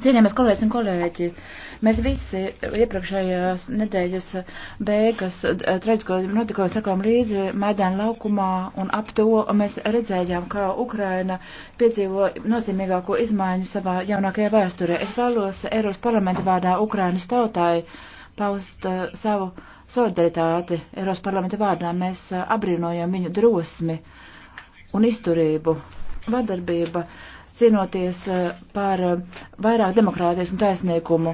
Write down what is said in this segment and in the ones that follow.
Cienījamies kolēģis un kolēģi, mēs visi iepriekšējās nedēļas beigas eh, traģisko notiko sakām līdzi Maidēna laukumā un ap to mēs redzējām, kā Ukraina piedzīvo nozīmīgāko izmaiņu savā jaunākajā vēsturē. Es vēlos Eiropas parlamenta vārdā Ukrainas tautāji paust uh, savu solidaritāti Eiropas parlamenta vārdā. Mēs uh, abrīnojam viņu drosmi un izturību, vardarbība. Uh, cīnoties eh, par eh, vairāk demokrātijas un taisnīgumu,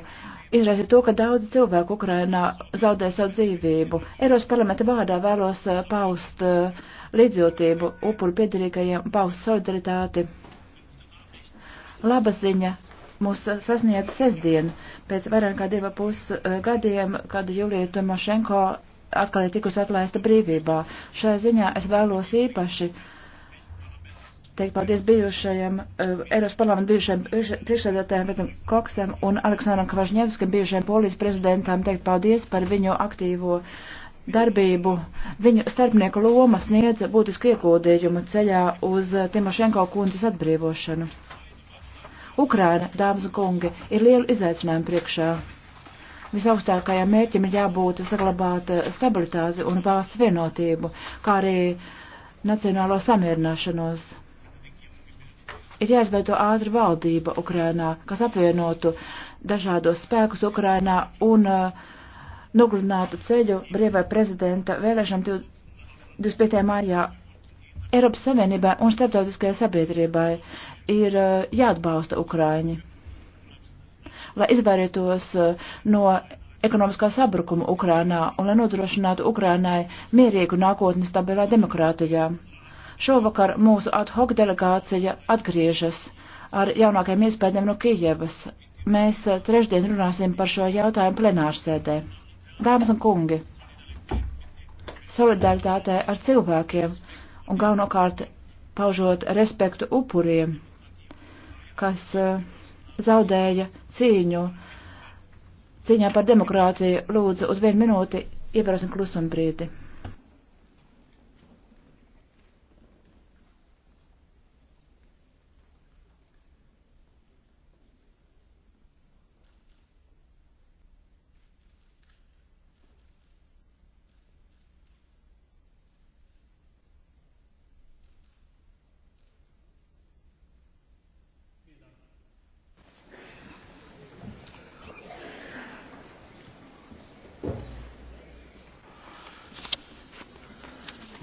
izraisa to, ka daudz cilvēku Ukrainā zaudē savu dzīvību. Eiros parlamenta vārdā vēlos eh, paust līdzjūtību upuru piedarīgajiem, paust solidaritāti. Laba ziņa mūs sasniedz sestdien pēc vairāk kā diva pus gadiem, kad Julija Tomašenko atkal ir tikusi atlaista brīvībā. Šajā ziņā es vēlos īpaši uh, teikt paldies bijušajiem uh, Eiropas parlamenta bijušajiem priekšsēdētājiem Petam Koksam un Aleksandram Kvažņevskam, bijušajiem polijas prezidentam, teikt paldies par viņu aktīvo darbību. Viņu starpnieku loma sniedza būtisku iekodījumu ceļā uz Timošenko kundzes atbrīvošanu. Ukraina, dāmas un kungi, ir liela izaicinājuma priekšā. Visaugstākajam mērķim ir jābūt saglabāt eh, stabilitāti un valsts vienotību, kā arī nacionālo samierināšanos. Ir jāizveido ātra valdība Ukrainā, kas apvienotu dažādos spēkus Ukrainā un uh, nogludinātu ceļu brīvai prezidenta vēlēšanām 25. maijā. Eiropas Savienībai un starptautiskajai sabiedrībai ir uh, jāatbalsta Ukraiņi, lai izvairītos uh, no ekonomiskā sabrukuma Ukrainā un lai nodrošinātu Ukrainai mierīgu nākotni stabilā demokrātijā. Šovakar mūsu ad hoc delegācija atgriežas ar jaunākajiem iespējām no Kijevas. Mēs eh, trešdien runāsim par šo jautājumu plenārsēdē. Dāmas un kungi, solidaritātē ar cilvēkiem un galvenokārt paužot respektu upuriem, kas eh, zaudēja cīņu cīņā par demokrātiju, lūdzu uz vienu minūti ievērosim klusumbrīdi.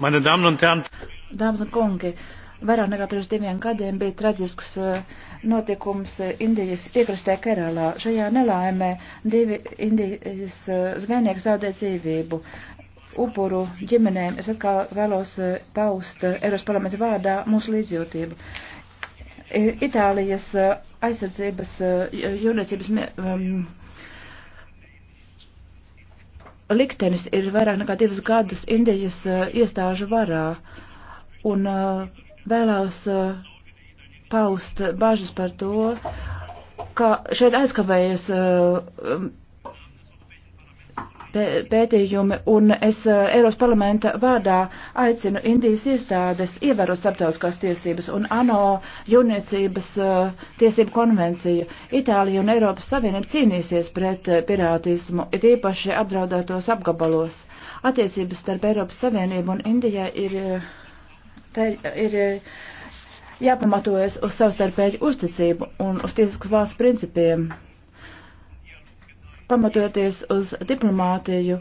Meine Damen un Herren, Dāmas un kungi, vairāk nekā pirms diviem gadiem bija traģisks eh, notikums eh, Indijas piekrastē Keralā. Šajā nelaimē divi Indijas eh, zvejnieki zaudēja dzīvību. Upuru ģimenēm es atkal vēlos paust Eiropas parlamenta vārdā mūsu līdzjūtību. Itālijas aizsardzības jūrniecības. Um, liktenis ir vairāk nekā divus gadus Indijas uh, iestāžu varā un uh, eh, vēlās uh, eh, paust bažas par to, ka šeit aizkavējas uh, pētījumi, un es eh, Eiropas parlamenta vārdā aicinu Indijas iestādes ievērot starptautiskās tiesības un ANO jūrniecības eh, tiesību konvenciju. Itālija un Eiropas Savienība cīnīsies pret eh, pirātismu, it īpaši apdraudētos apgabalos. Attiecības starp Eiropas Savienību un Indijai ir, te, ir jāpamatojas uz savstarpēju uzticību un uz tiesiskas valsts principiem pamatojoties uz diplomātiju,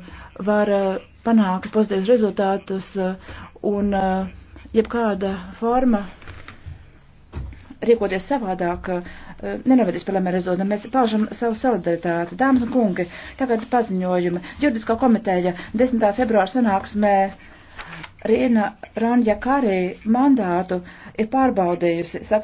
var uh, panākt pozitīvus rezultātus uh, un uh, jebkāda forma rīkoties savādāk, nenovedīs pie lēmēm rezultātiem. Mēs paužam savu solidaritāti. Dāmas un kungi, tagad paziņojumi. Juridiskā komiteja 10. februāra sanāksmē Rīna Ranja Karī mandātu ir pārbaudījusi. Saka,